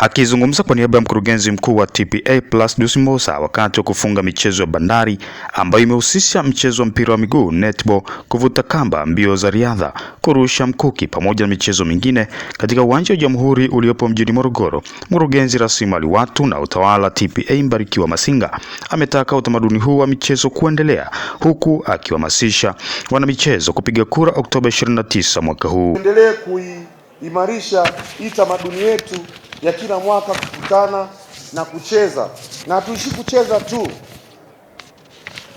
Akizungumza kwa niaba ya mkurugenzi mkuu wa TPA Plasduce Mbossa wakati wa kufunga michezo ya bandari ambayo imehusisha mchezo wa mpira wa miguu netball, kuvuta kamba, mbio za riadha, kurusha mkuki pamoja na michezo mingine katika uwanja wa Jamhuri uliopo mjini Morogoro, mkurugenzi rasilimali watu na utawala TPA Mbarikiwa Masinga ametaka utamaduni huu wa michezo kuendelea huku akiwahamasisha wanamichezo kupiga kura Oktoba 29 mwaka huu. Endelee kuimarisha hii tamaduni yetu ya kila mwaka kukutana na kucheza, na tuishi kucheza tu,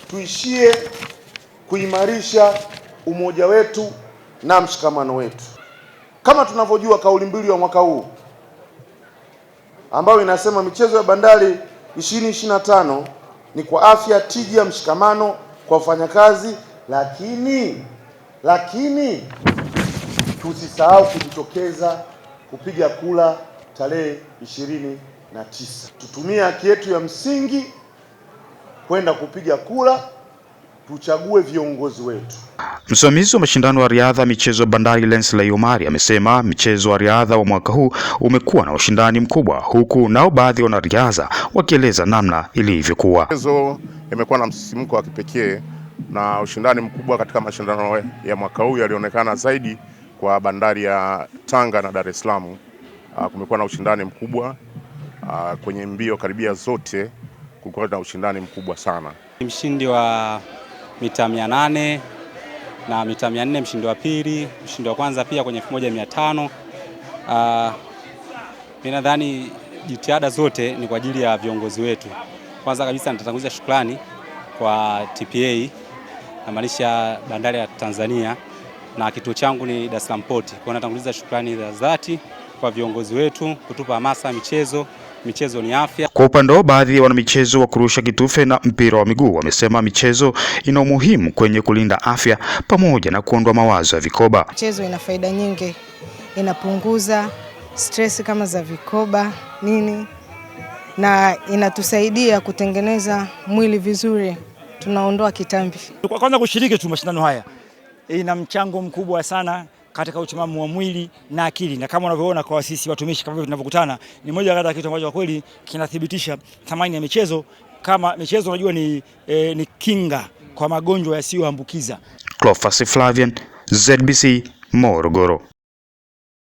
tuishie kuimarisha umoja wetu na mshikamano wetu. Kama tunavyojua kauli mbiu ya mwaka huu ambayo inasema michezo ya bandari 2025 ni kwa afya, tija, mshikamano kwa wafanyakazi, lakini lakini tusisahau kujitokeza kupiga kula tarehe ishirini na tisa. Tutumie haki yetu ya msingi kwenda kupiga kura tuchague viongozi wetu. Msimamizi wa mashindano ya riadha michezo bandari Lensley Omari amesema mchezo wa riadha wa mwaka huu umekuwa na ushindani mkubwa, huku nao baadhi ya wanariadha wakieleza namna ilivyokuwa. Michezo imekuwa na msisimko wa kipekee na ushindani mkubwa katika mashindano ya mwaka huu yalionekana zaidi kwa bandari ya Tanga na Dar es Salaam. Ah, kumekuwa na ushindani mkubwa ah, kwenye mbio karibia zote, kulikuwa na ushindani mkubwa sana. mshindi wa mita 800 na mita 400, mshindi wa pili, mshindi wa kwanza pia kwenye 1500. Uh, ah, mimi nadhani jitihada zote ni kwa ajili ya viongozi wetu. Kwanza kabisa nitatanguliza shukrani kwa TPA namaanisha bandari ya Tanzania na kituo changu ni Dar es Salaam Port. Kwa natanguliza shukrani za dhati kwa viongozi wetu kutupa hamasa michezo michezo ni afya. Kwa upande wao, baadhi ya wanamichezo wa kurusha kitufe na mpira wa miguu wamesema michezo ina umuhimu kwenye kulinda afya pamoja na kuondoa mawazo ya vikoba. Michezo ina faida nyingi, inapunguza stress kama za vikoba nini, na inatusaidia kutengeneza mwili vizuri, tunaondoa kitambi. Kwa kwanza kushiriki tu mashindano haya, ina mchango mkubwa sana katika utimamu wa mwili na akili, na kama unavyoona kwa sisi watumishi kama tunavyokutana, ni moja kati ya kitu ambacho kwa kweli kinathibitisha thamani ya michezo. Kama michezo unajua ni, e, ni kinga kwa magonjwa yasiyoambukiza. Cleophas Flavian, ZBC Morogoro.